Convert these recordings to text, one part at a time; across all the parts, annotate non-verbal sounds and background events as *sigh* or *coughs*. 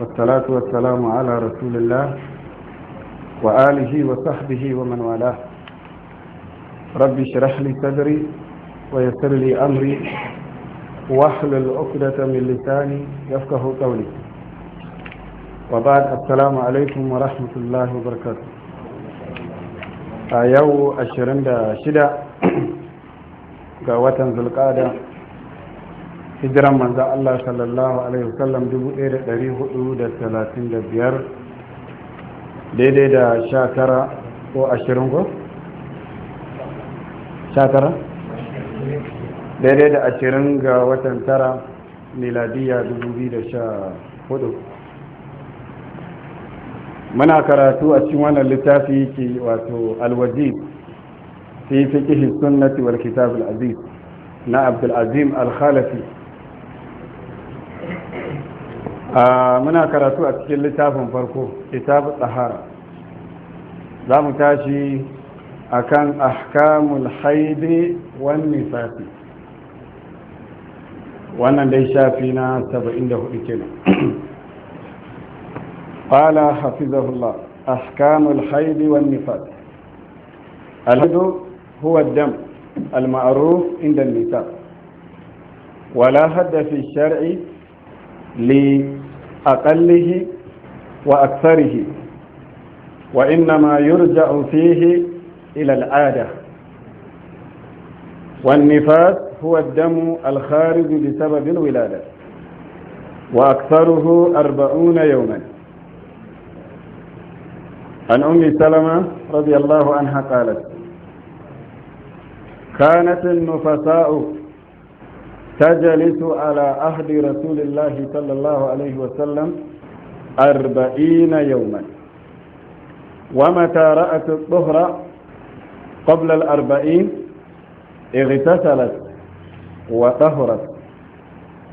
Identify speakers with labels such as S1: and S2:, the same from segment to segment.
S1: والصلاة والسلام على رسول الله وآله وصحبه ومن والاه ربي اشرح لي صدري ويسر لي أمري واحلل عقدة من لساني يفقه قولي وبعد السلام عليكم ورحمة الله وبركاته a yau 26 ga watan zulkada hijiran manzan Allah sallallahu alaihi wasallam 1435 daidai da shakara ko ashirin ko? shakara? daidai da ashirin ga watan tara miladiya 2014 muna karatu a cikin wannan littafi ke wato alwajib fi fiqh sunnati wal kitab al aziz na abdul azim al khalafi muna karatu a cikin littafin farko kitabu tsahara za mu tashi a kan ahkamul haidi wani safi wannan dai shafi na 74 kenan *clears throat* qala hafizahullah ahkamul haidi wani nifas alhaidu huwa dam al-ma'aru المعروف عند النساء ولا حد في الشرع أقله وأكثره وإنما يرجع فيه إلى العادة والنفاس هو الدم الخارج بسبب الولادة وأكثره أربعون يوما عن أم سلمة رضي الله عنها قالت كانت النفساء تجلس على عهد رسول الله صلى الله عليه وسلم أربعين يوما ومتى رأت الظهر قبل الأربعين اغتسلت وطهرت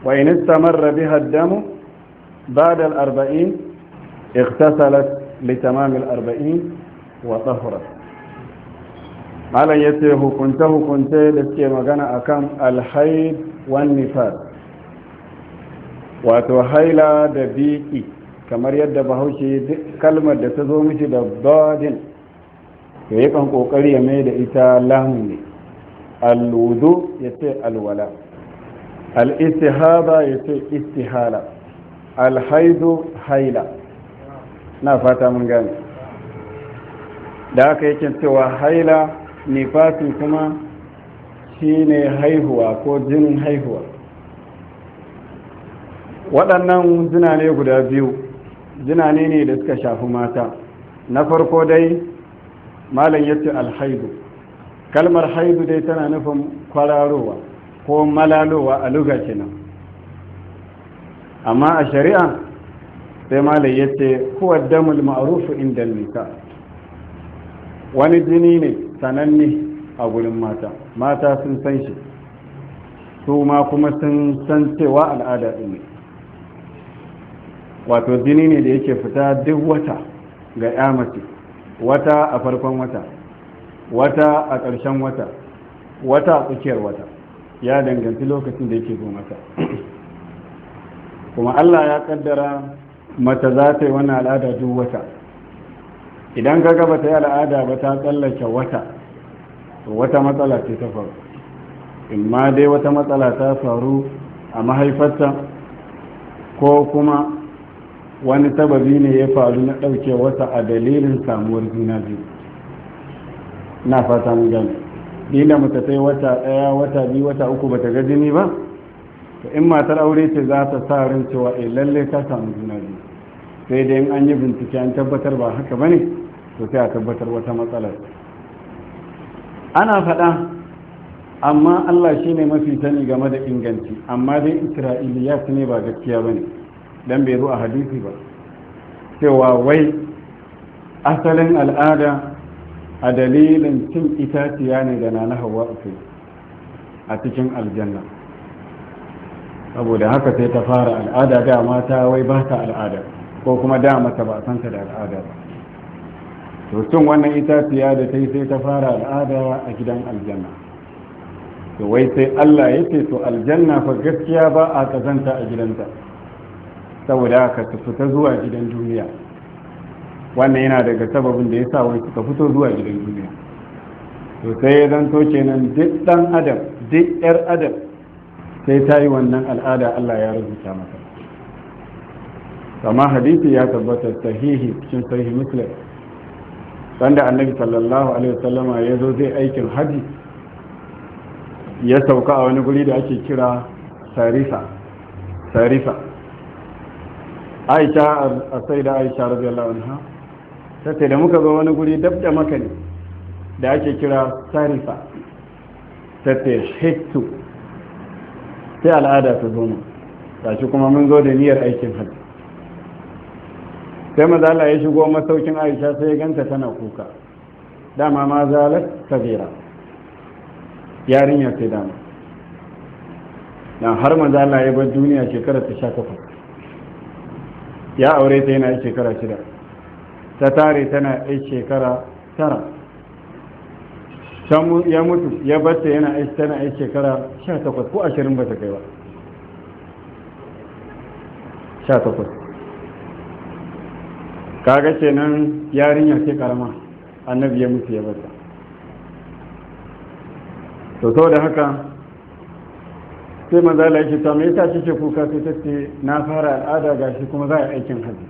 S1: وإن استمر بها الدم بعد الأربعين اغتسلت لتمام الأربعين وطهرت على يسيه كنته كنته لسكي مغانا أكام الحيد wan nifas wato haila da biki kamar yadda bahaushe duk kalmar da ta zo miki da dodin ya yi kan kokari ya mai da ita lamu ne alwudu ya ce alwala al istihada ya ce istihala al-haidu haila na fata mun gane da aka yake cewa haila nifasin kuma shine haihuwa ko jinin haihuwa waɗannan jina ne guda biyu jina ne da suka shafi mata na farko dai malam yace alhaidu kalmar haidu dai tana nufin kwararowa ko malalowa a luga kenan amma a shari'a sai malam yace huwa damul ma'rufu inda nika wani jini ne sananne a gurin mata mata sun san shi su ma kuma sun san cewa al'ada ɗin ne wato jini ne da yake fita duk wata ga ya mace wata a farkon wata wata a ƙarshen wata wata a tsakiyar wata ya danganci lokacin da yake zo mata kuma allah ya kaddara mata za ta yi wannan al'ada duk wata idan ka gaba ta yi al'ada ba ta tsallake wata to wata matsala ce ta faru in ma dai wata matsala ta faru a mahaifarta ko kuma wani sababi ne ya faru na ɗauke wata a dalilin samuwar juna biyu na fata mu gani dila mu ta wata ɗaya wata biyu wata uku ba ta ga jini ba to in matar aure ce za ta sa ran cewa eh lalle ta samu juna biyu sai dai in an yi bincike an tabbatar ba haka bane to sai a tabbatar wata matsalar. ana faɗa amma Allah shi ne mafi sani game da inganci amma dai isra'iliyat ne ba gaskiya ba ne don bai ruwa hadisi ba cewa wai asalin al'ada a dalilin cin itaciya ne da nana hawa uku a cikin aljanna saboda haka sai ta fara al'ada dama ta wai ba ta al'ada ko kuma dama ta ba santa da al'ada ba to cin wannan itaciya da ta yi sai ta fara al'ada a gidan aljanna to wai sai Allah ya ce to aljanna fa gaskiya ba a kazanta a gidanta saboda haka ta zuwa gidan duniya wannan yana daga sababin da ya sa wai suka fito zuwa gidan duniya to sai ya zanto kenan duk dan adam duk yar adam sai ta yi wannan al'ada Allah ya rubuta mata amma hadisi ya tabbatar sahihi cikin sahihi muslim wanda annabi sallallahu alaihi wasallam ya zo zai aikin haji ya sauka a wani guri da ake kira sarisa sarisa aisha a sai da aisha radiyallahu anha ta ce da muka zo wani guri dab da maka ne da ake kira sarisa ta ce sai al'ada ta zo mu tashi kuma mun zo da niyyar aikin haji sai maza Allah ya shigo masaukin aisha sai ya ganta tana kuka dama ma zalat kabira yarinya sai dama dan har maza Allah ya bar duniya shekara ta sha takwas ya aure ta yana shekara shida ta tare tana yi shekara tara can ya mutu ya bata yana yi tana yi shekara sha takwas ko ashirin ba ta kai ba sha takwas kaga kenan yarinyar ke karama annabi ya mutu ya bata to da haka sai maza ta mai tashi kike kuka sai ta ce na fara al'ada shi kuma za a aikin haji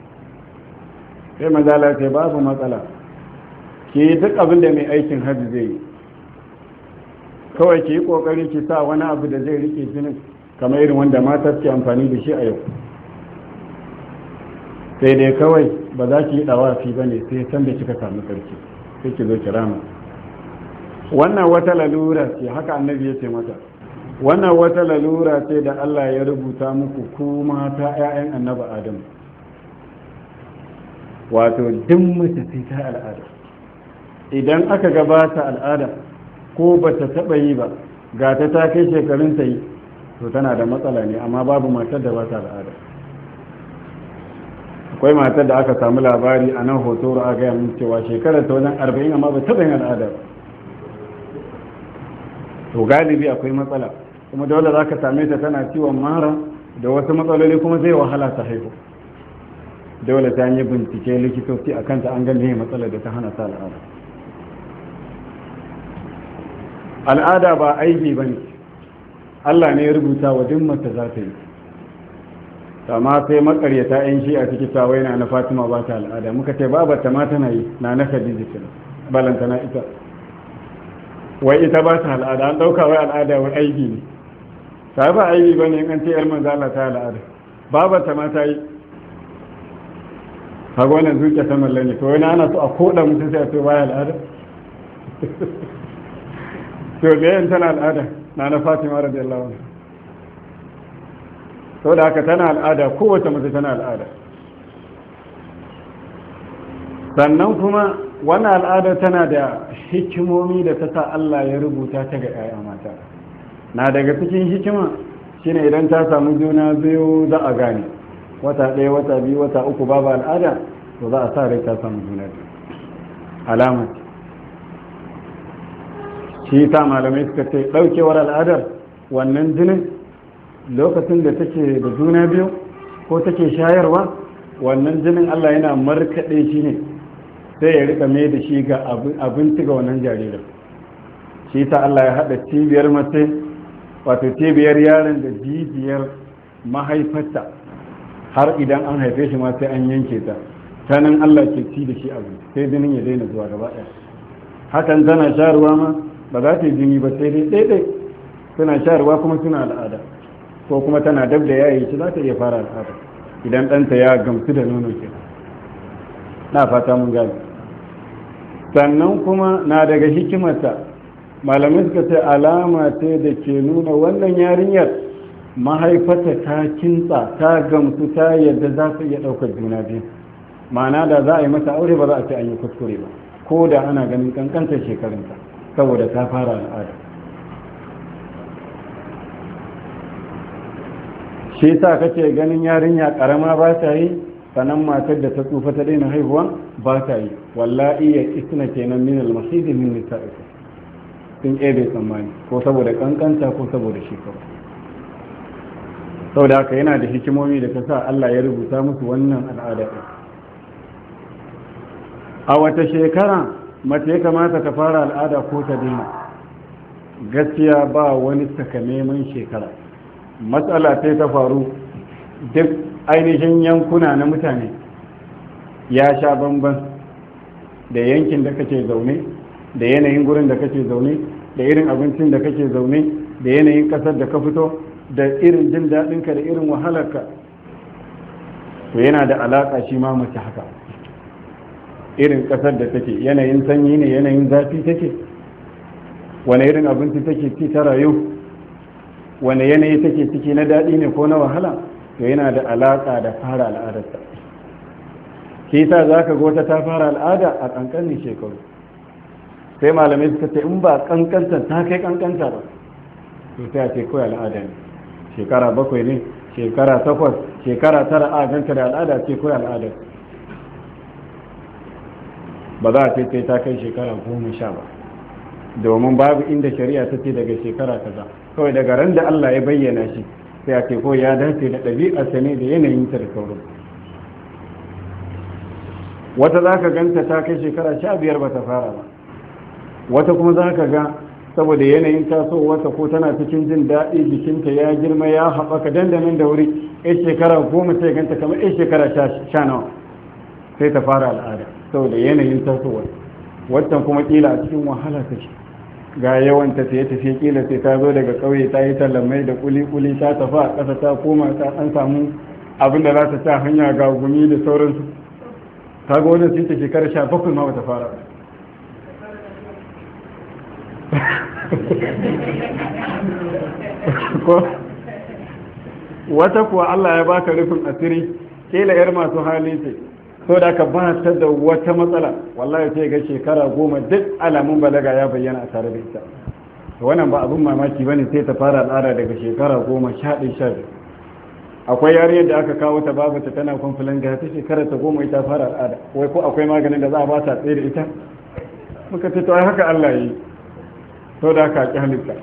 S1: sai maza la babu matsala ke duk abin da mai aikin haji zai yi kawai ki yi kokari ki sa wani abu da zai rike jini kamar irin wanda mata ke amfani da shi a yau sai dai kawai ba za ki yi fi ba ne sai san kika samu sarki sai ki zo kirama wannan wata lalura ce haka annabi ya ce mata wannan wata lalura ce da Allah ya rubuta muku ku mata 'ya'yan annabi Adam wato duk mace sai ta al'ada idan aka gabata al'ada ko ba ta taɓa yi ba ga ta ta kai shekarun ta yi to tana da matsala ne amma babu matar da ba ta al'ada akwai matar da aka samu labari a nan hoto a gaya min cewa shekarar ta wajen arba'in amma ba taɓa yin al'ada to galibi akwai matsala kuma dole za ka same ta tana ciwon mara da wasu matsaloli kuma zai wahala ta haihu dole ta yi bincike likitoci a kanta an ne matsalar da ta hana ta al'ada al'ada ba aiki ba ne allah ne ya rubuta wa duk mace za ta yi amma sai makaryata yan shi a cikin tawai na na fatima ba ta al'ada muka ce babar ta ma tana yi na na khadija ce balanta na ita wai ita ba ta al'ada an ɗauka wai al'ada wai aiki ne ta ba aiki ba ne an ce yar manzo Allah ta al'ada babar ta ma ta yi kaga wannan zuciya ta mallani to wani ana so a koda mutum sai a ce baya al'ada *laughs* to da yan tana al'ada na na fatima radiyallahu anha da haka tana al'ada kowace mace tana al'ada sannan kuma wannan al'ada tana da hikimomi da ta sa Allah ya rubuta ta ga 'ya'ya mata na daga cikin hikima shine idan ta samu juna biyu za a gane wata ɗaya wata biyu wata uku babu al'ada to za a sa rai ta samu juna biyu alama shi ta malamai suka ce ɗaukewar al'adar wannan jinin lokacin da take da juna biyu ko take shayarwa wannan jinin Allah yana markaɗe shi ne sai ya rika mai da shi ga abinci ga wannan jaririn shi ta Allah ya haɗa cibiyar mace wato cibiyar yaron da jijiyar mahaifarta har idan an haife shi ma sai an yanke ta ta Allah ke ci da shi abu sai jinin ya daina zuwa gaba ɗaya hakan tana sharuwa ma ba za ta yi jini ba sai dai ɗaiɗai suna sharuwa kuma suna al'ada ko kuma tana dab da yayi shi za ta iya fara al'ada idan ɗanta ya gamsu da nono ke na fata mun gane sannan kuma na daga hikimarta malamai suka ce alama ce da ke nuna wannan yarinyar mahaifata ta kintsa ta gamsu ta yadda za su iya ɗaukar juna biyu ma'ana da za a yi mata aure ba za a ce an yi kuskure ba ko da ana ganin kankantar shekarunta saboda ta fara al'ada shi sa kake ganin yarinya karama ba ta yi sanan matar da ta tsufa ta daina haihuwa ba ta yi wallahi ya isna kenan min al-masjid min nisa'iku sun ebe tsammani ko saboda kankanta ko saboda shekaru saboda haka yana da hikimomi da ta sa Allah ya rubuta musu wannan al'ada a wata shekara mace ya kamata ka fara al'ada ko ta daina gaskiya ba wani takamaiman shekara matsala sai ta faru duk ainihin yankuna na mutane ya sha bamban da yankin da kake zaune da yanayin gurin da kake zaune da irin abincin da kake zaune da yanayin kasar da ka fito da irin jin daɗinka da irin wahalarka to yana da alaƙa shi ma mace haka irin ƙasar da take yanayin sanyi ne yanayin zafi take wani irin abinci take ci ta rayu wani yanayi take ciki na daɗi ne ko na wahala to yana da alaƙa da fara al'adarsa shi sa za ka gota ta fara al'ada a ƙanƙanin shekaru sai malamai suka ce in ba ƙanƙantar ta kai ƙanƙanta ba to ta a ce kawai al'ada ne shekara bakwai ne shekara takwas shekara tara a ganta da al'ada ce kawai al'ada ba za a ce ta kai shekara goma sha ba domin babu inda shari'a ta ce daga shekara kaza kawai daga ran da Allah ya bayyana shi sai a ce ko ya dace da ɗabi'a sane da yanayin ta da sauran wata za ka ganta ta kai shekara sha biyar ba ta fara ba wata kuma za ka ga saboda yanayin tasowarta ko tana cikin jin daɗi jikinta ya girma ya haɓaka dandamin da wuri yan shekara goma sai ganta kamar yan shekara sha nawa sai ta fara al'ada saboda yanayin tasowar wancan kuma kila a cikin wahala ta shi ga yawan tafiye-tafiye kila sai ta zo daga ƙauye ta yi talamai da kuli-kuli ta tafi a ƙasa ta koma ta an samu abin da za ta ta hanya ga gumi da sauransu ta ga wani sita shekarar sha bakwai ma bata fara *laughs* wata kuwa Allah ya baka rufin asiri kila yar masu hali ce so da aka ba ta da wata matsala wallahi sai ga shekara goma duk alamun balaga ya bayyana a tare da ita wannan ba abin mamaki ba ne sai ta fara al'ada daga shekara goma sha ɗin sha akwai yariyar da aka kawo ta babu ta tana kwamfilan ga ta shekara ta goma ita fara al'ada wai ko akwai maganin da za a ba ta tsaye da ita muka ce to ai haka Allah yi to da aka ki halitta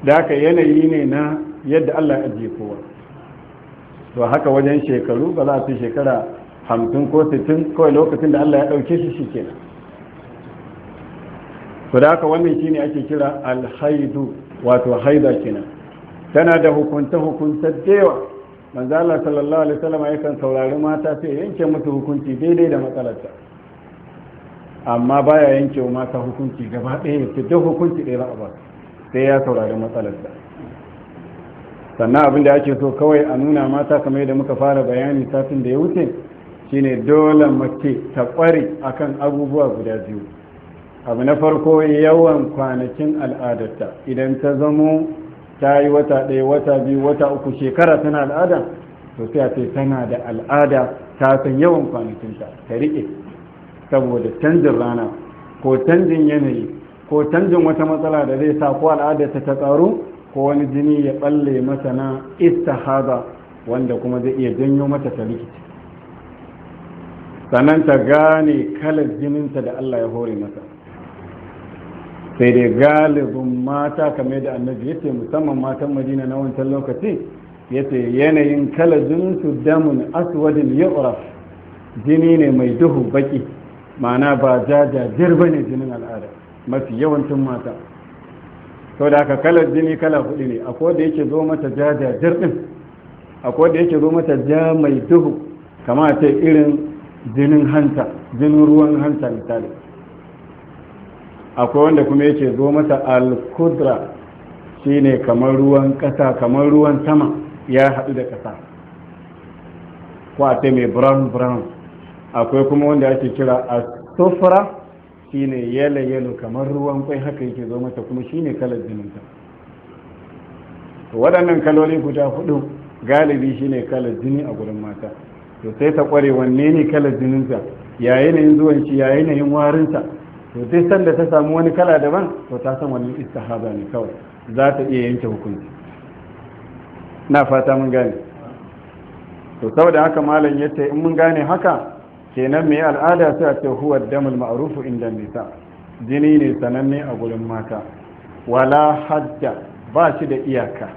S1: da aka yanayi ne na yadda Allah ya ajiye kowa to haka wajen shekaru ba za a fi shekara hamsin ko sittin kawai lokacin da Allah ya ɗauke shi shi kenan su da haka wannan shine ake kira alhaidu wato haida kenan tana da hukunta hukunta da yawa manzo Allah sallallahu alaihi ya yakan saurari mata sai yanke musu hukunci daidai da matsalarta amma baya yanke wa mata hukunci gaba ɗaya ya duk hukunci ɗaya ba a ba sai ya saurari matsalarta sannan abin da ake so kawai a nuna mata kamar yadda muka fara bayani satin da ya wuce shine dole mace ta kware akan abubuwa guda biyu abu na farko yawan kwanakin al'adarta idan ta zamo ta yi wata ɗaya wata biyu wata uku shekara tana al'ada to sai a ce tana da al'ada ta san yawan kwanakinta ta riƙe saboda canjin rana ko canjin yanayi ko canjin wata matsala da zai sa ko al'adarta ta tsaro ko wani jini ya balle mata na istihada wanda kuma zai iya janyo mata ta rikici sannan ta gane kalar jininta da Allah ya hore mata sai dai galibin mata kamar da annabi yace musamman matan madina na wancan lokaci yace yanayin kalar jininsu damun aswadin yu'raf jini ne mai duhu baki ma'ana ba jajajir ne jinin al'ada mafi yawancin mata sau da aka kalar jini kala hudu ne akwai da yake zo mata jaja din akwai da yake zo mata ja mai duhu kama ce irin jinin hanta jinin ruwan hanta misali akwai wanda kuma yake zo masa al-kudra shine kamar ruwan kasa kamar ruwan sama ya haɗu da kasa ko a ce brown brown akwai kuma wanda ake kira as-sufra shine yalo yalo kamar ruwan kwai haka yake zo masa kuma shine kalar jininta waɗannan kaloli guda hudu galibi shine kalar jini a gurin mata to sai ta kware wanne ne kalar jininsa ya ne zuwan shi ya yanayin warinsa to sai sanda ta samu wani kala daban to ta san wani istihaba ne kawai za ta iya yanke hukunci na fata mun gane to saboda haka malam yace in mun gane haka kenan me al'ada sai a ce huwa damul ma'rufu inda nisa jini ne sananne a gurin mata wala hajja ba shi da iyaka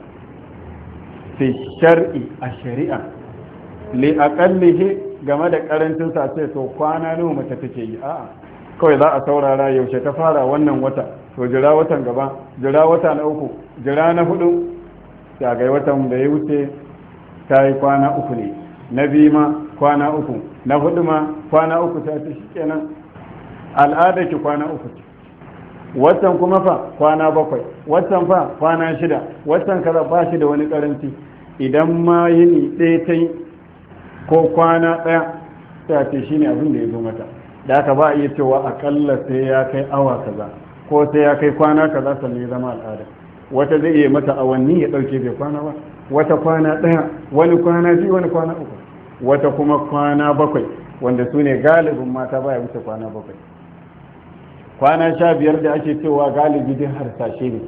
S1: fi shar'i a shari'a li aqallihi game da karancin sa sai to kwana nawa mace take yi a'a kawai za a saurara yaushe ta fara wannan wata to jira watan gaba jira wata na uku jira na hudu ta ga watan da ya wuce ta yi kwana uku ne na biyu ma kwana uku na hudu ma kwana uku ta ci shikenan al'ada ki kwana uku ce watan kuma fa kwana bakwai watan fa kwana shida watan kaza ba shi da wani karanci idan ma yini ɗaya ta yi ko kwana ɗaya ta ce ne abin da ya zo mata da aka ba a iya cewa akalla sai ya kai awa kaza ko sai ya kai kwana kaza sannan ya zama al'ada wata zai iya mata awanni ya ɗauke bai kwana ba wata kwana ɗaya wani kwana biyu wani kwana uku wata kuma kwana bakwai wanda su ne galibin mata baya wuce kwana bakwai kwana sha biyar da ake cewa galibi duk harsashe ne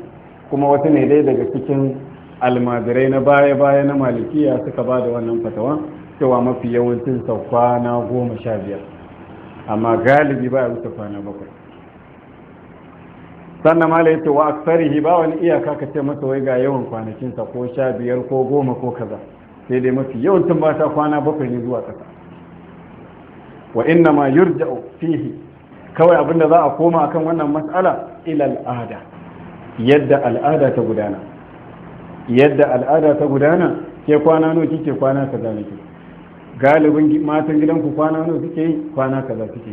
S1: kuma wasu ne dai daga cikin almadirai na baya-baya na malikiya suka ba da wannan fatawa cewa mafi yawancin sa kwana goma sha biyar amma galibi ba ya wuce kwana bakwai sannan mala yace wa aksarihi ba wani iyaka ka ce masa wai ga yawan kwanakin sa ko sha biyar ko goma ko kaza sai dai mafi yawancin ba ta kwana bakwai ne zuwa ƙasa wa inna ma yurja'u fihi kawai abinda za a koma akan wannan mas'ala ila al'ada yadda al'ada ta gudana yadda al'ada ta gudana ke kwana nuki Ke kwana kaza nake galibin matan gidanku kwana wani suke yi kwana kaza suke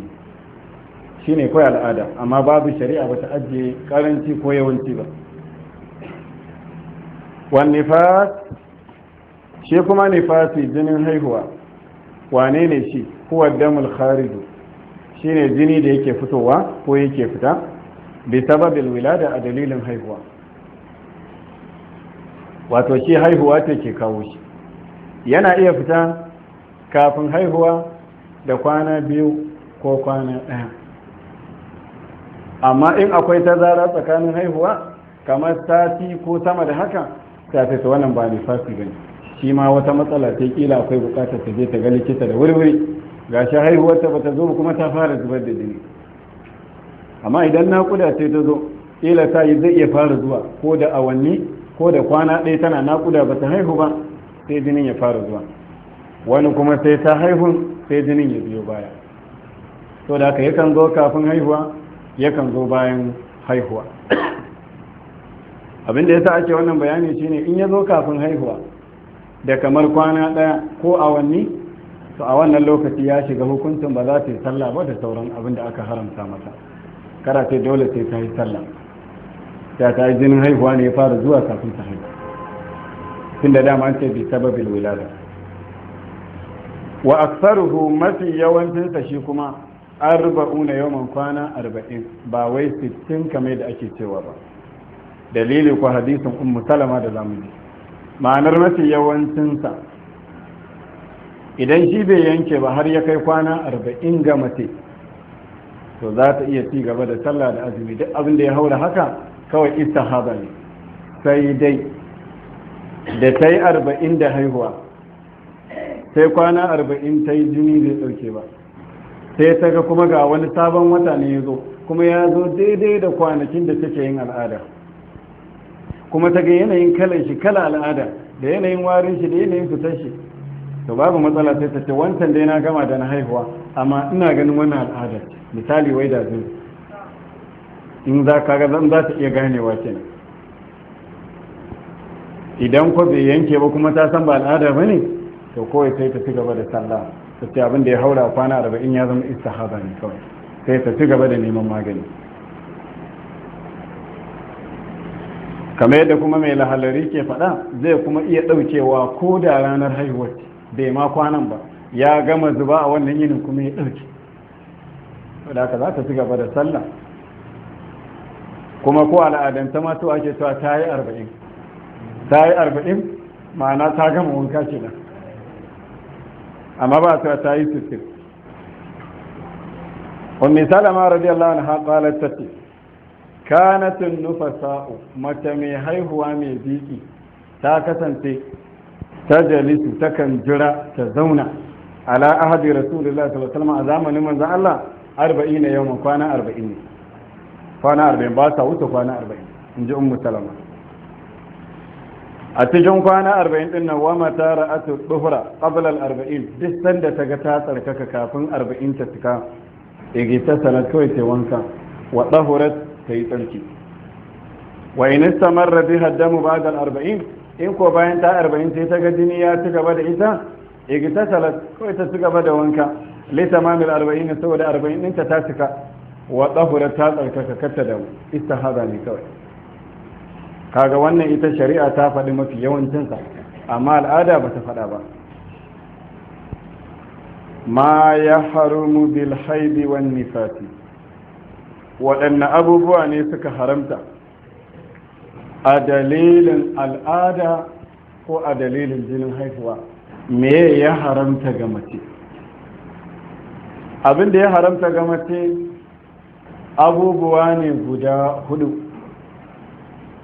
S1: yi ne kawai al'ada amma babu shari'a ba ta ajiye karanci ko yawanci ba wani nifas shi kuma nifasi jinin haihuwa wane ne shi kuwa damul shi ne jini da yake fitowa ko yake fita bi sababil wilada a dalilin haihuwa wato shi haihuwa ta ke kawo shi yana iya fita kafin haihuwa da kwana biyu ko kwana ɗaya amma in akwai ta zara tsakanin haihuwa kamar sati ko sama da haka ta fi su wannan ba fasi ba shi ma wata matsala ta kila akwai bukatar ta je ta ga likita da wuri-wuri ga shi haihuwarta ba ta zo kuma ta fara zubar da jini amma idan naƙuda sai ta zo kila ta yi zai iya fara zuwa ko da awanni ko da kwana ɗaya tana naƙuda ba ta haihu ba sai jinin ya fara zuwa wani kuma sai ta haihun sai jinin ya biyo baya to da haka yakan zo kafin haihuwa yakan zo bayan haihuwa abinda ya sa ake wannan bayani shine in ya zo kafin haihuwa da kamar kwana ɗaya ko awanni to a wannan lokaci ya shiga hukuncin ba za ta yi sallah ba da sauran abin da aka haramta mata kara sai dole sai ta yi sallah ta ta yi jinin haihuwa ne ya fara zuwa kafin ta haihu tun da dama an ce bi sababin wilada wa aksaruhu mafi yawancinsa shi kuma arba'una yawan kwana arba'in ba wai sittin kamar da ake cewa ba dalili ko hadisin ummu salama da zamu ji ma'anar mafi yawancinsa idan shi bai yanke ba har ya kai kwana arba'in ga mace to za ta iya ci gaba da sallah da azumi duk abin da ya haura haka kawai istihaba ne sai dai da ta yi arba'in da haihuwa sai kwana arba'in ta yi jini zai ɗauke ba sai ta ga kuma ga wani sabon wata ne ya zo kuma ya zo daidai da kwanakin da take yin al'ada kuma ta ga yanayin kalan shi kala al'ada da yanayin warin shi da yanayin fitar shi to babu matsala sai ta ce wancan dai na gama da na haihuwa amma ina ganin wannan al'ada misali wai da zai in za ka ga zan za ta iya ganewa kenan idan ko bai yanke ba kuma ta san ba al'ada ba ne to kawai sai ta ci gaba da sallah ta ce abin da ya haura kwana arba'in ya zama istihaba ne kawai sai ta ci gaba da neman magani kamar yadda kuma mai lahalari ke faɗa zai kuma iya ɗaukewa ko da ranar haihuwar bai ma kwanan ba ya gama zuba a wannan yinin kuma ya ɗauke da haka za ta ci gaba da sallah kuma ko al'adanta ma to ke cewa ta yi arba'in ta yi arba'in ma'ana ta gama wanka kenan amma ba ta ta yi sittin ummi salama radiyallahu anha qalat tati kanat an sa'o mace mai haihuwa mai biki ta kasance ta jalisu takan jira ta zauna ala ahadi rasulullahi sallallahu alaihi a zamanin manzon Allah 40 yawman kwana 40 kwana 40 ba ta wuce kwana 40 inji ummu salama a cikin kwana arba'in din nan wama ta ra'atu duhura qabla arba'in duk sanda ta ga ta tsarkaka kafin arba'in ta tuka ta salat kawai ta wanka wa dahurat ta yi tsarki wa in istamarra biha damu ba'da arba'in in ko bayan ta arba'in sai ta ga jini ya ci gaba da ita igita salat kawai ta ci gaba da wanka li tamamil arba'in saboda arba'in din ta ta tuka wa dahurat ta tsarkaka kata da istihada ne kawai kaga wannan ita shari'a ta faɗi mafi yawancinsa amma al'ada ba ta faɗa ba ma ya harumu bil haidi wan nifati waɗanne abubuwa ne suka haramta a dalilin al'ada ko a dalilin jinin haifuwa? me ya haramta ga mace abin ya haramta ga mace abubuwa ne guda hudu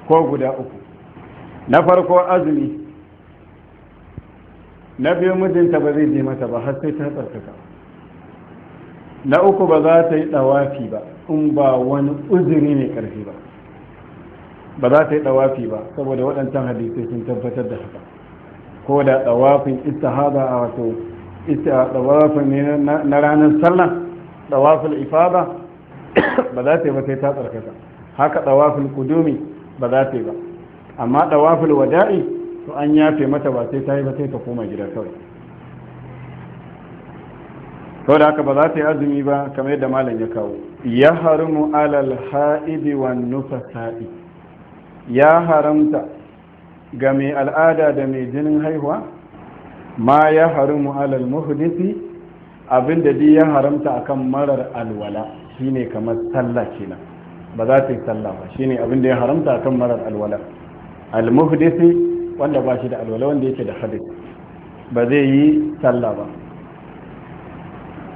S1: ko guda uku na farko azumi na biyu mijinta ba zai je mata ba har sai ta tsarkaka na uku ba za ta yi ɗawafi ba in ba wani uzuri mai ƙarfi ba ba za ta yi ɗawafi ba saboda waɗancan hadisai sun tabbatar da haka ko da ɗawafin istihada a wato ɗawafin ne na ranar sallah ɗawafin ifada *coughs* ba za ta yi ba sai ta tsarkaka haka ɗawafin kudumi ba za ta yi ba amma dawafil wada'i to an yafe mata ba sai ta yi ba sai ta koma gida kawai sau da haka ba za ta yi azumi ba kamar yadda malam ya kawo ya harumu alal ha'idi wa ya haramta ga mai al'ada da mai jinin haihuwa ma ya harumu alal muhdisi abinda dai ya haramta akan marar alwala shine kamar sallah kenan ba za ta yi sallah ba shine abin da ya haramta kan marar alwala almuhdisi wanda ba shi da alwala wanda yake da hadith ba zai yi sallah ba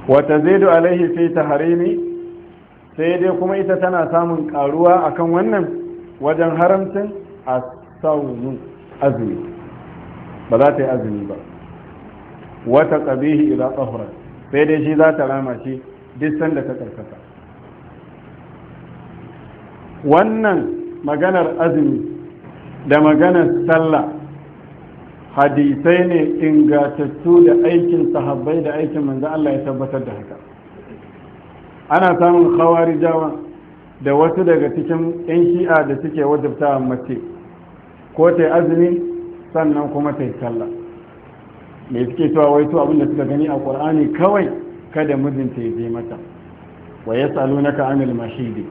S1: wata zaidu alaihi fi taharimi sai dai kuma ita tana samun karuwa akan wannan wajen haramcin a saunu azumi ba za ta yi azumi ba wata ƙabihi idan tsahurar sai dai shi za ta rama shi duk sanda ta karkata wannan maganar azumi da maganar sallah hadisai ne ingatattu da aikin sahabbai da aikin manzo Allah ya tabbatar da haka ana samun khawarijawa da wasu daga cikin 'yan shi'a da suke a mace ko ta azumi sannan kuma ta yi sallah Me suke cewa wai to da suka gani a ƙur'ani kawai kada mijinta ya je mata wa yasalunaka anil mashidi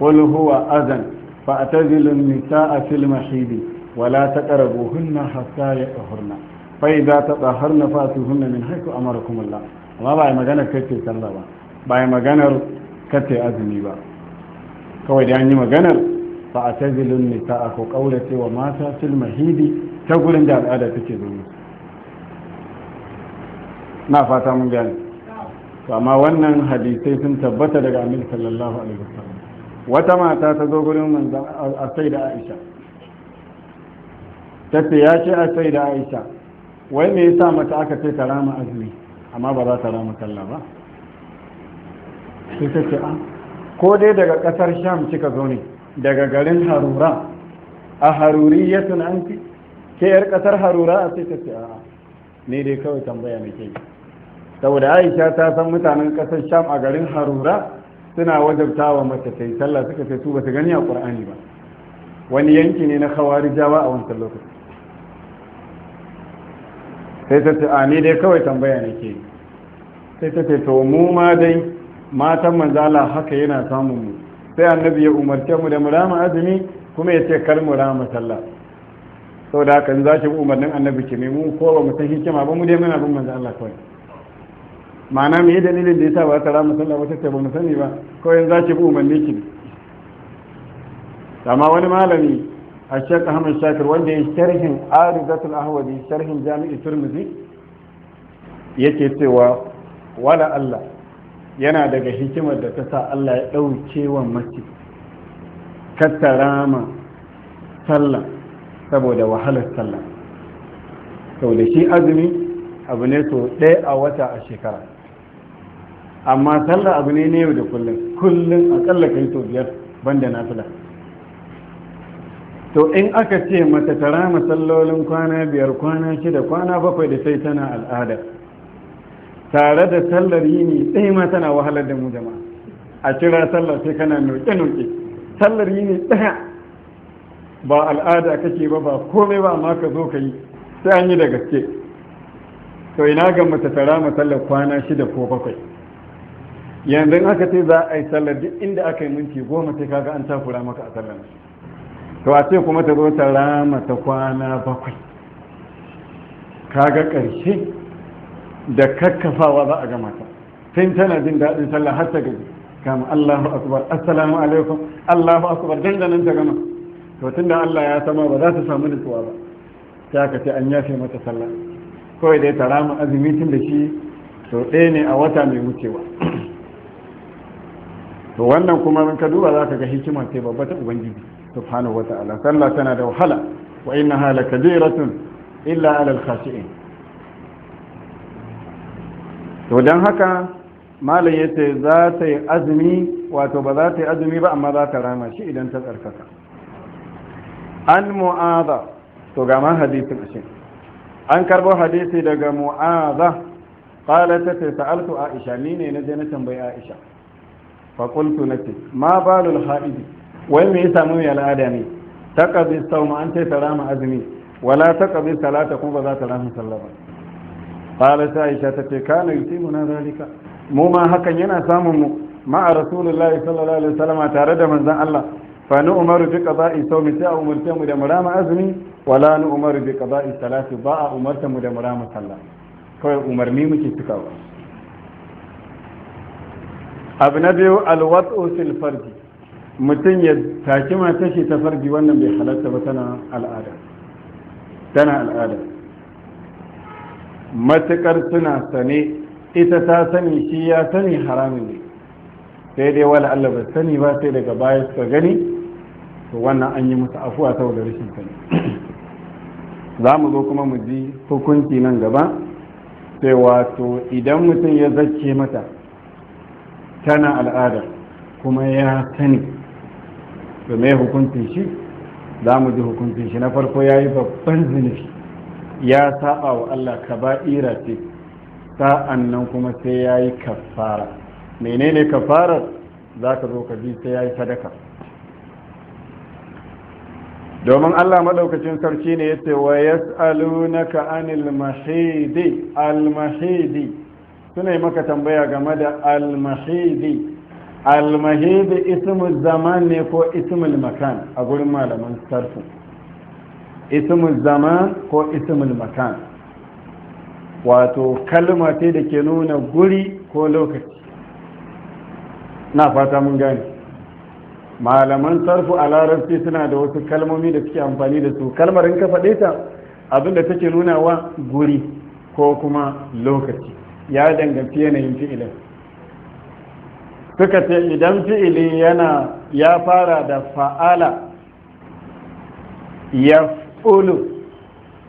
S1: قل هو أذن فأتزلوا النساء في المحيض ولا تقربوهن حتى يطهرن فإذا تطهرن فأتوهن من حيث أمركم الله amma ba a maganar kace sallah ba ba a maganar kace azumi ba kawai da an yi maganar fa a tazilin nisa a ko kaurace mata fil mahidi ta gurin da al'ada take zo musu fata mun gane to amma wannan hadisai sun tabbata daga annabi sallallahu alaihi wasallam wata mata ta zo gurin manzan a sai da aisha tafi ya ce a sai da aisha wai me yasa mata aka ce ta rama azumi amma ba za ta rama kalla ba sai ta ce an ah, ko dai daga kasar sham kika zo ne daga garin harura a haruri ya tunanki ke yar kasar harura a sai ta ce a ne dai kawai tambaya mai ke saboda aisha ta san mutanen kasar sham a garin harura suna wajabta wa mace ta yi sallah suka ce su ba su gani a ƙur'ani ba wani yanki ne na khawarijawa a wancan lokaci sai ta ce a ni dai kawai tambaya ne ke sai ta ce to mu ma dai matan manzala haka yana samun mu sai annabi ya umarce mu da mu rama azumi kuma ya ce kar mu rama sallah saboda haka in za ki umarnin annabi ki mu ko ba mu san hikima ba mu dai muna bin manzo Allah kawai ma'ana me yi dalilin da ya sa ba ta ramu sallah wata ce ba mu sani ba kawai za ki bi umarni ki amma wani malami a shek ahmad shakir wanda ya sharhin arizatul ahwadi sharhin jami'i turmuzi yake cewa wala allah yana daga hikimar da ta sa allah ya ɗauke wa mace kattarama sallah saboda wahalar sallah sau da shi azumi abu ne so ɗaya a wata a shekara amma sallah abu ne ne yau da kullum kullum akalla kai to biyar banda nafila to in aka ce mata tara masallolin kwana biyar kwana shida kwana bakwai da sai tana al'ada tare da sallar yini ɗaya ma tana wahalar da mu jama'a a kira sallar sai kana noke-noke sallar yini ɗaya ba al'ada kake ba ba komai ba amma ka zo ka yi sai an yi da gaske to ina ga mata tara masallar kwana shida ko bakwai yanzu aka ce za a yi sallar duk inda aka yi minti goma sai kaga an takura maka a sallar to a ce kuma ta zo ta rama ta kwana bakwai kaga ƙarshe da kakkafawa za a gama ta tun tana jin daɗin sallar har ta gaji kama Allahu akbar assalamu alaikum Allahu akbar dandanan ta gama to da Allah ya sama ba za ta samu nutsuwa ba ta aka ce an yafe mata sallar kawai dai ta rama azumi tun da shi to ɗaya ne a wata mai wucewa to wannan kuma in ka duba za ka ga hikimar ta babba ta ubangiji subhanahu wa ta'ala sallah tana da wahala wa innaha lakabiratun illa ala al to dan haka malam yace za ta yi azumi wato ba za ta yi azumi ba amma za ta rama shi idan ta tsarkaka an mu'adha to ga ma hadisin ashin an karbo hadisi daga mu'adha qalat ta sa'altu aisha ni ne na je na tambayi aisha faƙultu na ce ma balul haɗi wai me isa mun yi al'ada ne ta ƙabi sauma an ce ta rama azumi wala ta ƙabi salata kuma ba za ta rama sallah ba ƙala ta aisha ta ce kana yusi na zalika mu ma hakan yana samun mu Ma a rasulullahi sallallahu alaihi wasallam tare da manzon Allah fa nu umaru bi qada'i sawmi sai umarta mu da murama azumi wala nu umaru bi qada'i salati ba a umarta mu da murama sallah kawai umarni muke cikawa. abu na biyu alwatsu fil farji mutum ya taki ma shi ta farji wannan bai halatta ba tana al'ada tana al'ada matukar suna sane ita ta sani shi ya sani haramin ne sai dai wala Allah ba sani ba sai daga baya suka gani to wannan an yi musu afuwa saboda rashin sani *clears throat* za mu zo kuma mu ji hukunci nan gaba sai wato idan mutum ya zace mata tana al'ada kuma ya sani to hukuncin shi za mu ji hukuncin shi na farko ya yi babban zunubi ya saba wa Allah ka ba'ira ce sa'an nan kuma sai ya yi kafara menene kafarar za ka zo ka ji sai ya yi sadaka domin Allah maɗaukacin sarki ne ya ce wa yas'alunaka anil mahidi al mahidi suna yi maka tambaya game da almahidi almahidi ismul zaman ne ko ismul makan a gurin malaman sarfu ismul zaman ko ismul makan wato kalma ce da ke nuna guri ko lokaci na fata mun gani. malaman sarfu a larabci suna da wasu kalmomi da suke amfani da su kalmar in ka faɗe ta abinda take nuna wa guri ko kuma lokaci ya danganci yanayin fi'ilin suka ce idan fi'ili yana ya fara da fa'ala ya ulu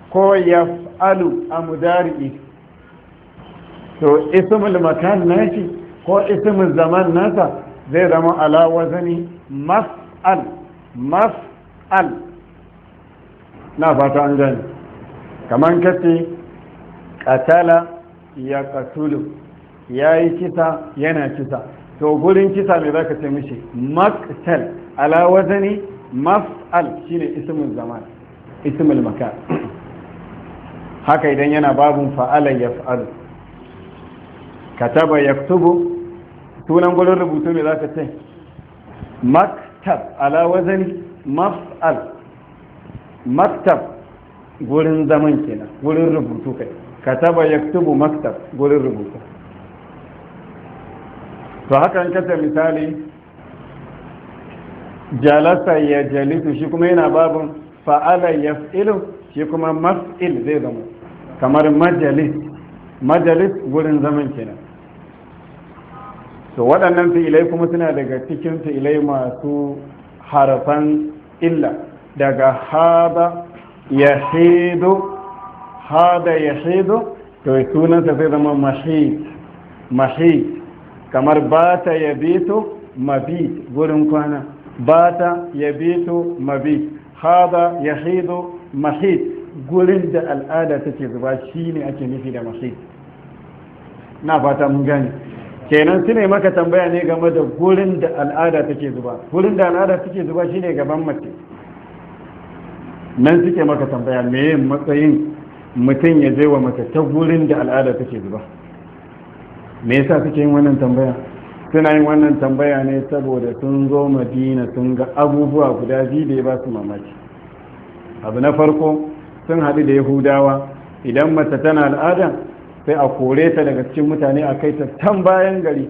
S1: ko ya alu a mudari'i to isimul makan nashi ko isimul zaman nasa zai zama ala wazani mas'al mas'al na fata an gani kamar kace katala ya katulu ya yi kisa yana kisa to gurin kisa mai za ka ce mishi maktal ala wazani maf'al shine ismul zaman ismul maka haka idan yana babun fa'ala yaf'alu kataba tubu tunan gurin rubutu mai za ka ce maktab ala wazani maf'al maktab gurin zaman kenan gurin rubutu kai kataba yaktubu maktab gurin rubuta to hakan kata misali jalasa ya jalisu shi kuma yana babin fa'ala ya ilu shi kuma mas'il zai zama kamar majalis majalis gurin zaman kenan to waɗannan fi'ilai kuma suna daga cikin fi'ilai masu harafan illa daga haba ya hido hada ya shaidu to sunansa zai zama mashid mashid kamar bata ya bito mabit gurin kwana bata ya bito mabit hada ya shaidu mashid gurin da al'ada ta take zuba shi ne ake nufi da mashid na fata mun gani kenan su ne maka tambaya ne game da gurin da al'ada take zuba gurin da al'ada take zuba shine gaban mace nan suke maka tambaya meye matsayin mutum ya je wa mace ta gurin da al'ada take zuba me yasa suke yin wannan tambaya suna yin wannan tambaya ne saboda sun zo madina sun ga abubuwa guda biyu da ya ba su mamaki abu na farko sun haɗu da yahudawa idan mace tana al'ada sai a kore ta daga cikin mutane a kai ta can bayan gari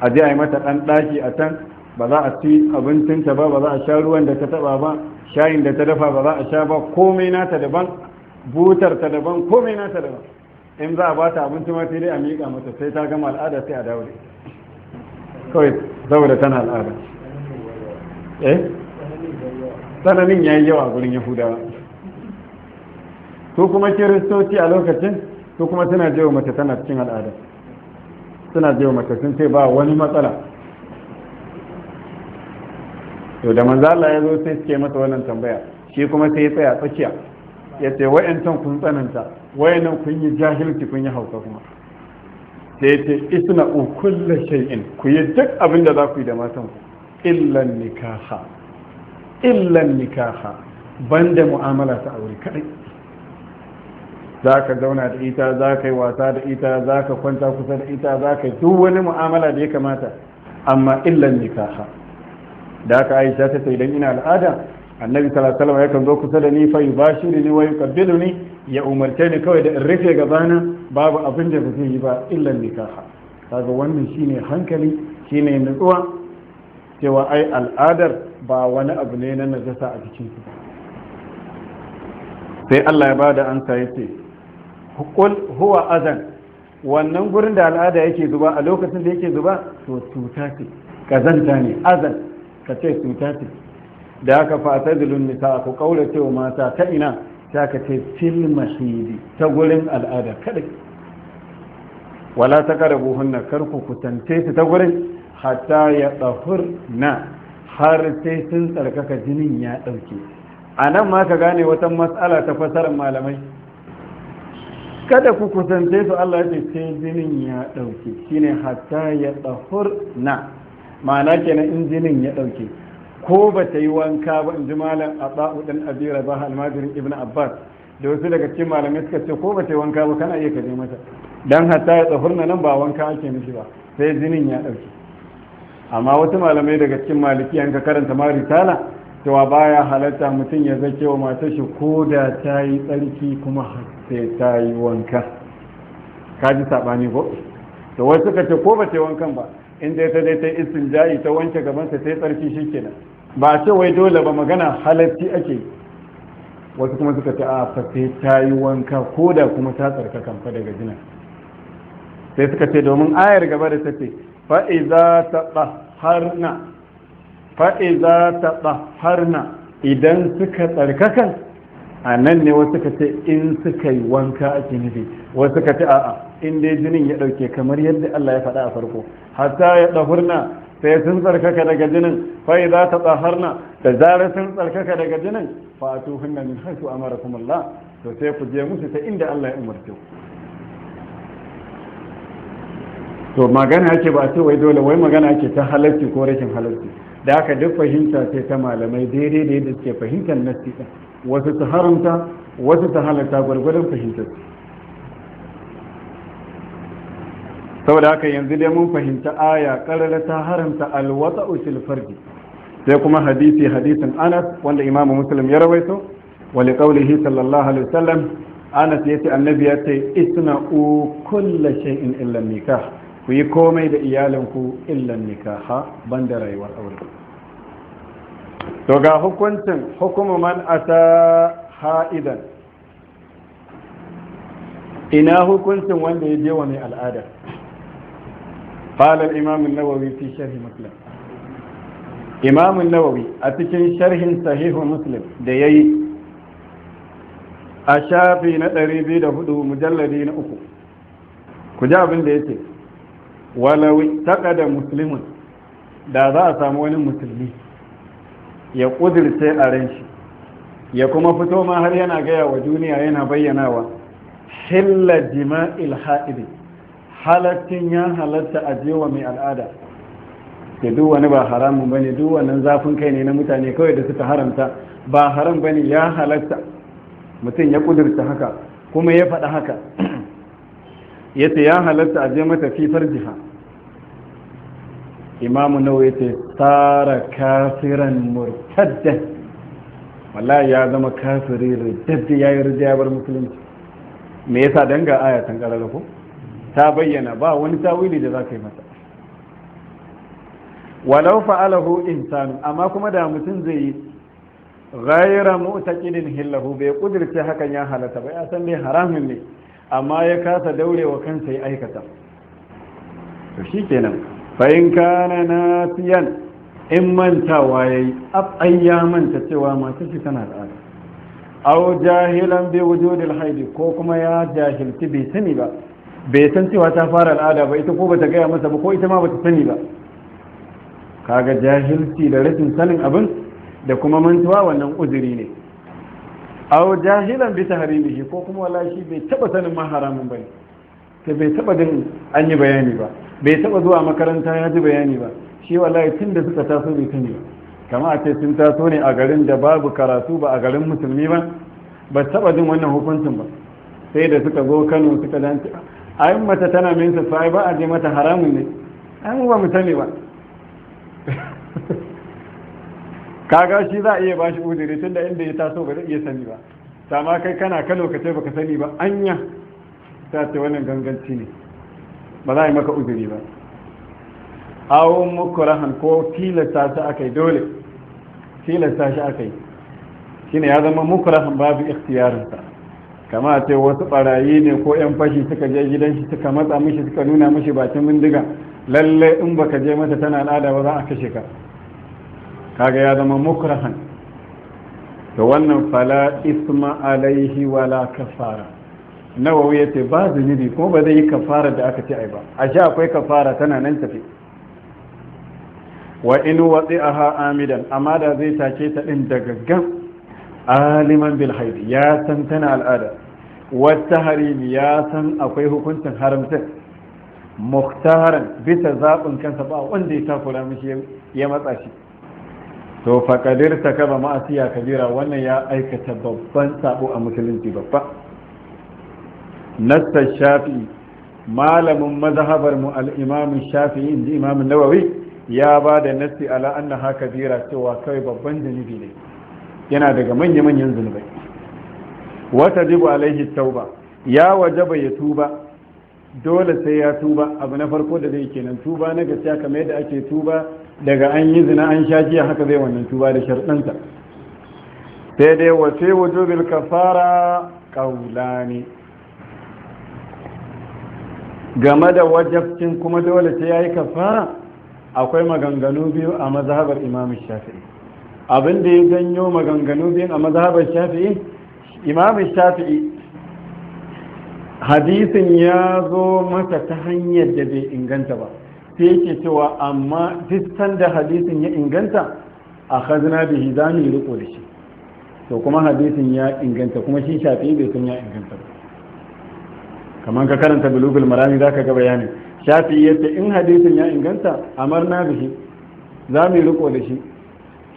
S1: a je a yi mata ɗan ɗaki a can ba za a ci abincinta ba ba za a sha ruwan da ta taɓa ba shayin da ta dafa ba za a sha ba komai nata daban butar ta daban komai na ta daban in za a ba ta abinci ma sai dai a miƙa mata sai ta gama al'ada sai a dawo da kawai saboda tana al'ada eh tsananin ya yi yawa gurin yahudawa su kuma kiristoci a lokacin su kuma suna jewa mata tana cikin al'ada suna jewa mata sun ce ba wani matsala to da manzala ya zo sai suke masa wannan tambaya shi kuma sai ya tsaya tsakiya ya ce wa'yancan kun tsananta wa'yannan kun yi jahilci kun yi hauka kuma sai ya ce isna ukulla shay'in ku yi duk abin da za ku yi da matan ku illan nikaha illan nikaha ban da mu'amala ta aure kaɗai. za ka zauna da ita za ka yi wasa da ita za ka kwanta kusa da ita za ka yi duk wani mu'amala da ya kamata amma illan nikaha da aka aisha ta sai idan ina al'ada annabi sallallahu alaihi wasallam zo kusa da ni fa yubashiru ni kabilu ni ya umarce ni kawai da in rufe gabana babu abin da zai yi ba illan nikaha kaga wannan shine hankali shine nutsuwa cewa ai al'adar ba wani abu ne na najasa a cikin su sai Allah ya bada ansa yace qul huwa azan wannan gurin da al'ada yake zuba a lokacin da yake zuba to tuta ce kazanta ne azan ka ce da aka fata dilun nisa ku kaura cewa mata ta ina ta ka ce fil masidi ta gurin al'ada kada wala ta karabu hunna kar ku kusance ta gurin hatta ya tsahurna har sai sun tsarkaka jinin ya dauke a nan ma ka gane wata matsala ta fasarar malamai kada ku kusance su Allah ya ce sai jinin ya dauke shine hatta ya tsahurna ma'ana kenan in jinin ya dauke ko ba ta yi wanka ba in ji malam abba'u abira abi rabah almajirin ibn abbas da wasu daga cikin malamai suka ce ko ba ta yi wanka ba kana iya kaje mata dan hatta ya na nan ba wanka ake mishi ba sai jinin ya ɗauki. amma wasu malamai daga cikin maliki an ka karanta ma risala cewa baya halarta mutum ya zake wa matar shi ko da ta yi tsarki kuma sai ta yi wanka ka ji saɓani ko to wasu suka ce ko ba ta yi wankan ba in dai ta dai ta istinja'i ta wanke gabansa sai tsarki shi kenan ba ce wai dole ba magana halatti ake wasu kuma suka ta a ta yi wanka ko da kuma ta tsarka kamfa daga jina sai suka ce domin ayar gaba da tafi fa'iza ta tsaharna ta idan suka tsarkakan a nan ne wasu ka ce in suka yi wanka ake nufi wasu ka ce a'a in dai jinin ya ɗauke kamar yadda Allah ya faɗa a farko Hata ya ɗahurna sai sun tsarkaka daga jinin fai za ta tsaharna da zarar sun tsarkaka daga jinin fatu hunna min haitu amarakum Allah to sai ku je musu ta inda Allah ya umarce ku to magana ake ba ce wai dole wai magana ake ta halarci ko rashin halarci da haka duk fahimta sai ta malamai daidai da yadda suke fahimtar nasi wasu su haramta wasu su halarta gwargwadon fahimtar saboda haka yanzu dai mun fahimta aya karara ta haramta alwata usul farji sai kuma hadisi hadisin anas wanda imamu muslim ya rawaito wa liqaulihi sallallahu alaihi wasallam anas yace annabi yace isna'u kulla shay'in illa nikah ku yi komai da iyalanku illa nikah banda rayuwar aure to ga hukuncin hukumu man ata ha'idan ina hukuncin wanda ya je wa mai al'ada قال الإمام النووي في شرح مسلم إمام النووي أتكن شرح صحيح مسلم ديي أشافي نتري بيد هدو مجلدين أخو كجاب ديتي ولو اعتقد مسلم da za a samu wani musulmi ya ƙudirce a ran shi ya kuma fito ma har yana gaya wa duniya yana bayyanawa hilla jima'il ha'idin halattin ya halatta a jewa mai al'ada ke duk wani ba haramun bane duk wannan zafin kai ne na mutane kawai da suka haramta ba haram bane ya halatta mutum ya kudurta haka kuma ya faɗa haka *clears throat* ya ce ya halatta a je mata fifar jiha imamu nau ya ce tsara kafiran murtadda wallahi ya zama kafiri rijaddi ya yi bar musulunci me yasa danga ayatan ƙararrafu ta bayyana ba wani tawili da za ka yi masa walau fa'alahu insanu amma kuma da mutum zai yi ghayra mu'taqidin hillahu bai kudirce hakan ya halatta ba ya san dai haramun ne amma ya kasa daurewa kansa ya aikata to shikenan fa in kana nasiyan in mantawa yayi ab ya manta cewa masu shi tana da aw jahilan bi wujudil haidi ko kuma ya jahilci bai sani ba bai san cewa ta fara al'ada ba ita ko bata gaya masa ba ko ita ma bata sani ba kaga jahilci da rashin sanin abin da kuma mantuwa wannan uzuri ne aw jahilan bi tahrimihi ko kuma wala shi bai taba sanin ma haramun bane sai bai taba din an yi bayani ba bai taba zuwa makaranta ya ji bayani ba shi wallahi tun da suka taso bai sani ba kama a ce sun taso ne a garin da babu karatu ba a garin musulmi ba ba taba jin wannan hukuncin ba sai da suka zo Kano suka dan ayin mata tana min sai ba a je mata haramun ne ai mu ba mu sani ba *laughs* kaga shi za a iya bashi udiri tunda inda ya taso ba zai iya sani ba sama kai kana ka lokacin baka sani ba anya ta ce wannan ganganci ne ba za a yi maka udiri ba muku rahan ko tilasta shi aka yi dole tilasta shi aka yi shine ya zama muku rahan babu ikhtiyarinsa kama ce wasu barayi ne ko 'yan fashi suka je gidan shi suka matsa mishi suka nuna mishi bakin bindiga lalle in baka je mata tana al'ada ba za a kashe ka kaga ya zama mukrahan da wannan fala isma alaihi wala kafara nawawi yace ba zunubi kuma ba zai yi kafara da aka ce ai ba a sha akwai kafara tana nan tafi wa in wadi'aha amidan amma da zai take ta din daga gan aliman bil haidi ya san tana al'ada wata harimi ya san akwai hukuncin haramta muktaran bisa zaɓin kansa ba wanda ya takura mishi ya matsa shi to faƙadir ta kaba ma'asiya kabira wannan ya aikata babban sabo a musulunci babba nasta shafi malamin mazhabar mu al-imam shafi inji imam nawawi ya ba da nasti ala annaha kabira cewa kawai babban zunubi ne yana daga manya-manyan zunubai wata jibu alaihi tauba ya wajaba ya tuba dole sai ya tuba abu na farko da zai kenan tuba na gaskiya kamar yadda ake tuba daga an yi zina an sha jiya haka zai wannan tuba da sharɗanta sai dai wace wujubil kafara kaulani game da wajabcin kuma dole sai ya yi kafara akwai maganganu biyu a mazhabar imam shafi'i abin da ya janyo maganganu biyu a mazhabar shafi'i imam shafi'i hadisin ya zo masa ta hanyar da bai inganta ba sai yake cewa amma duk da hadisin ya inganta a hazina bihi za mu yi riko da shi to kuma hadisin ya inganta kuma shi shafi'i bai san ya inganta ba kamar ka karanta bulugul marami za ka ga bayanin Shafi'i ya ce in hadisin ya inganta amar na bihi za mu yi riko da shi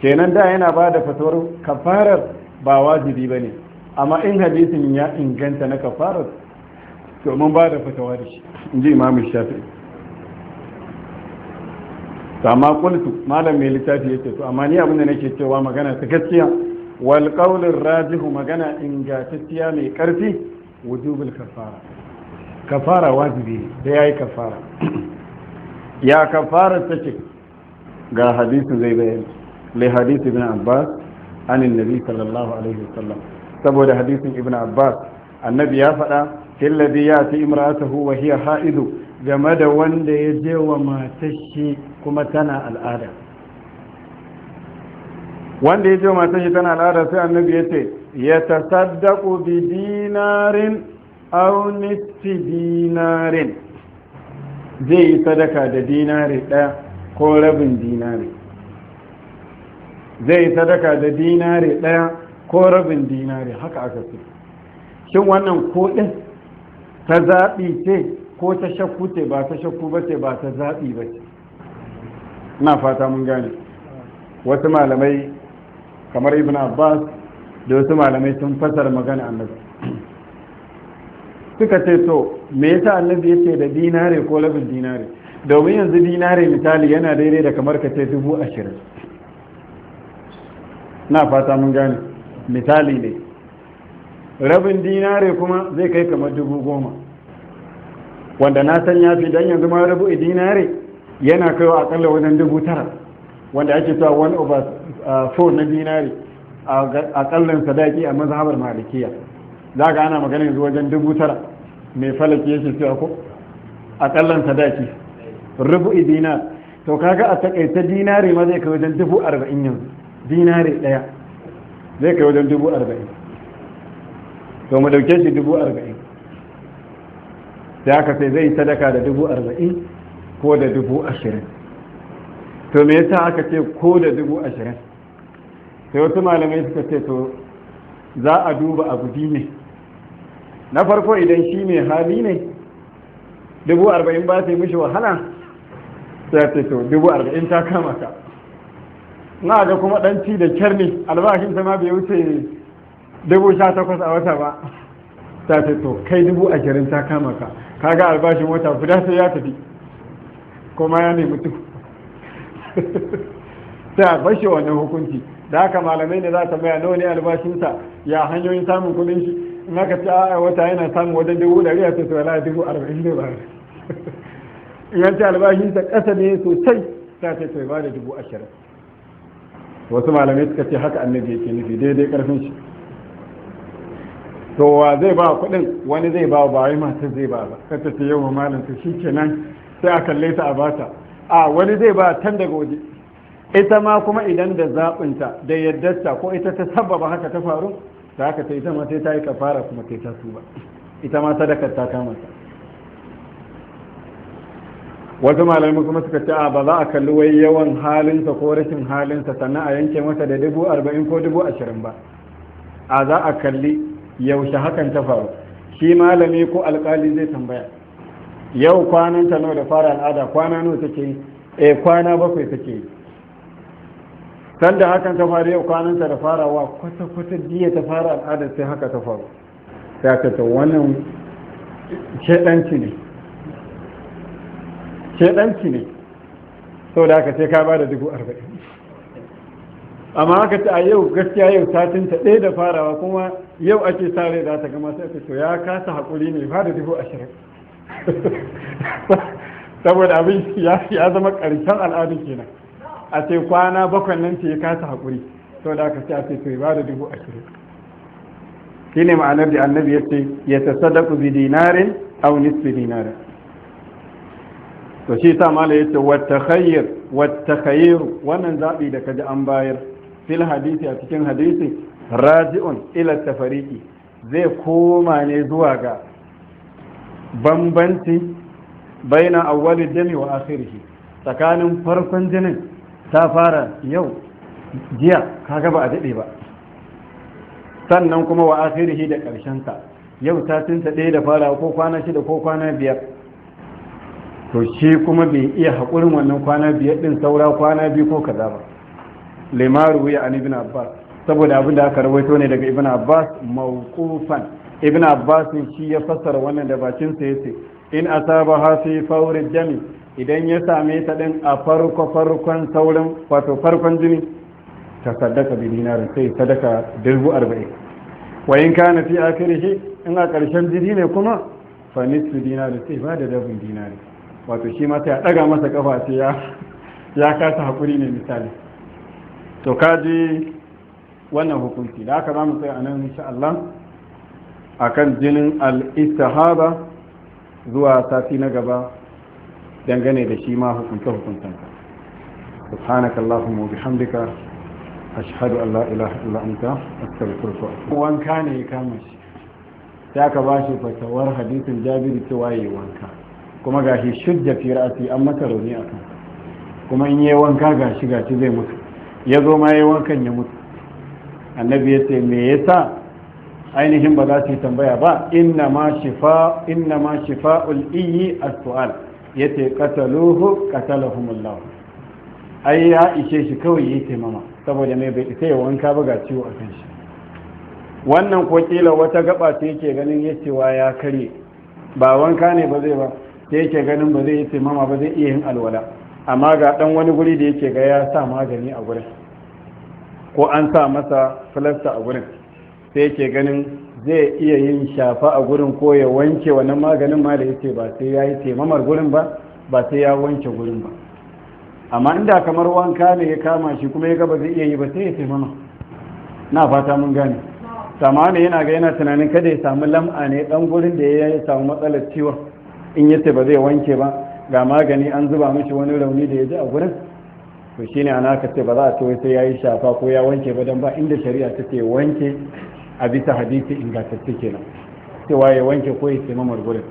S1: kenan da yana ba da fatuwar kafarar ba wajibi ba ne amma in hadisin ya inganta na kafara to mun ba da fatawa da shi in ji imamu shafi to amma kultu malam mai littafi yake to amma ni abin da nake cewa magana ta gaskiya wal qawlur rajihu magana ingantacciya mai karfi wujubul kafara kafara wajibi da yayi kafara ya kafara ce ga hadisin zai bayani li hadisi ibn abbas an annabi sallallahu alaihi wasallam saboda hadisin ibn abbas annabi ya faɗa killabi ya fi imratahu wa hiya ha'idu game da wanda ya je wa matashi kuma tana al'ada wanda ya je wa matashi tana al'ada sai annabi ya ce ya tasaddaku bi dinarin aw nisfi dinarin zai yi sadaka da dinari ɗaya ko rabin dinari zai yi sadaka da dinari ɗaya ko rabin dinari haka aka ce shin wannan kuɗin ta zaɓi ce ko ta shakku ce ba ta shakku ba ce ba ta zaɓi ba ce na fata mun gane wasu malamai kamar ibn abbas da wasu malamai sun fasar magana annabi suka ce to me yasa annabi yace da dinari ko labin dinari domin yanzu dinari misali yana daidai da kamar ka ce dubu ashirin na fata mun gane misali ne rabin dinare kuma zai kai kamar dubu goma wanda na san ya fi don yanzu ma rabu dinare yana kaiwa akalla wajen dubu tara wanda ake cewa one over uh, four na dinare a kallon sadaki a mazhabar malikiya za ka ana magana yanzu wajen dubu tara mai falaki yake cewa ko a kallon sadaki rubu dinar to kaga a takaita dinare ma zai kai wajen dubu arba'in yanzu dinare ɗaya zai kai wajen dubu arba'in to mu dauke shi dubu arba'in sai haka sai zai sadaka da dubu arba'in ko da dubu ashirin to me yasa aka ce ko da dubu ashirin sai wasu malamai suka ce to za a duba abu biyu ne na farko idan shi ne hali ne dubu arba'in ba ta yi mishi wahala sai ce to dubu arba'in ta kama ka na ga kuma Danci ci da kyar ne albashin sama bai wuce dubu sha takwas a wata ba ta ce to kai dubu ashirin ta kama ka kaga albashin wata guda sai ya tafi kuma ya nemi tu *laughs* ta bashi wannan hukunci da haka malamai ne za ta maya nawa ne albashinsa ya hanyoyin samun kudin shi in aka ci a wata yana samun wajen dubu ɗari a sai wala dubu arba'in da ba *laughs* in yanci albashinsa ƙasa ne sosai ta ce to ba da dubu ashirin wasu malamai suka ce haka annabi yake nufi daidai karfin shi to wa zai ba kuɗin wani zai ba ba wai mata zai ba ba kata ce yau malam ta shikenan sai a kalle ta a bata a wani zai ba tan daga waje ita ma kuma idan da zaɓinta da yaddarta ko ita ta sababa haka ta faru ta haka ta ita ma sai ta yi kafara kuma ta ta tuba ita ma sadakar ta kama ta wasu malamai kuma suka ce a ba za a kalli wai yawan halinsa ko rashin halinsa sannan a yanke masa da dubu arba'in ko dubu ashirin ba a za a kalli yaushe hakan ta faru shi malami ko alkali zai tambaya yau kwanan ta nawa da fara al'ada kwana nawa take yi eh kwana bakwai take yi sanda hakan ta faru yau kwanan ta da farawa kwata kwata jiya ta fara al'ada sai haka ta faru sai ta wannan shaɗanci ne shedanci ne Sau da aka sai ka ba da dubu arba'in amma haka ta a yau gaskiya yau satin ta ɗaya da farawa kuma yau ake sare da ta gama sai to ya kasa haƙuri ne ba da dubu ashirin *laughs* saboda abin ya zama ƙarshen al'adu kenan a ce kwana bakwai nan ce ya kasa haƙuri sau da aka ce a ce to ba da dubu ashirin shi ne ma'anar da annabi ya ce ya ta sadaku bi dinarin au nisfi dinarin to shi sa mala ce wata khayyar wannan zaɓi da kaji an bayar fil hadisi a cikin hadisi raji'un ila tafariki zai koma ne zuwa ga bambanci baina awwali dami wa akhirih tsakanin farkon jinin ta fara yau jiya kaga ba a dade ba sannan kuma wa akhirih da karshen ta yau ta tinta ɗaya da fara ko kwana shida ko kwana biyar to shi kuma bai iya haƙurin wannan kwana biyar ɗin saura kwana biyu ko kaza ba limaru ya an ibn abbas saboda abin da aka rawaito ne daga ibn abbas mawqufan ibn abbas shi ya fassara wannan da bakin sa ce. in asaba ha fi fawrid jami idan ya same ta din a farko farkon saurin wato farkon jini ta sadaka bi dinar sai sadaka dubu arba'in. wa in kana fi akhirih in a karshen jini ne kuma fa nisfu dinar sai ba da dabin dinari wato shi mata ya ɗaga masa kafa sai ya kasa haƙuri ne misali to ka ji wannan hukunci da aka zamu tsaya a nan insha Allah kan jinin al-istihaba zuwa sati na gaba dangane da shi ma hukunta hukuntanka subhanakallahumma wa bihamdika ashhadu an la ilaha illa anta astaghfiruka wa atubu wanka ne ya kama shi sai aka bashi fatawar hadisin jabiri cewa yayi wanka kuma gashi shudda fi ra'asi an mata rauni a kan kuma in yi wanka gashi gashi zai mutu ya zo ma yi wankan ya mutu annabi ya ce me sa ainihin ba za su yi tambaya ba inna ma shifa inna ma shifa'ul iyi as-su'al yace qataluhu qatalahumullah ai ya ishe shi kawai yi taimama saboda mai bai isa ya wanka ba ga ciwo a kan shi wannan ko kila wata gaba ce ke ganin ya cewa ya karye. ba wanka ne ba zai ba da yake ganin ba zai yi taimama ba zai iya yin alwala amma ga dan wani guri da yake ga ya sa magani a gurin ko an sa masa filasta a gurin sai yake ganin zai iya yin shafa a gurin ko ya wanke wannan maganin ma da yake ba sai ya yi taimamar gurin ba ba sai ya wanke gurin ba amma inda kamar wanka ne ya kama shi kuma ya ga ba zai iya yi ba sai ya taimama na fata mun gane ne yana ga yana tunanin kada ya samu lam'a ne dan gurin da ya samu matsalar ciwon in yace ba zai wanke ba ga magani an zuba mishi wani rauni da ya ji a gurin to shine ana ka ce ba za a ce sai yayi shafa ko ya wanke ba dan ba inda shari'a ta ce wanke a bisa hadisi ingantacce kenan cewa ya wanke ko ya mamar gurin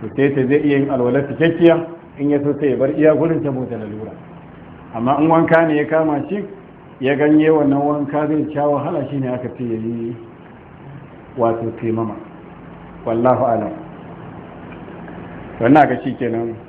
S1: to sai ta zai iya yin alwala cikakkiya in ya so sai ya bar iya gurin ta na lura. amma in wanka ne ya kama shi ya ganye wannan wanka zai sha wahala ne aka ce yayi wato mama? wallahu alam wannan ga shi kenan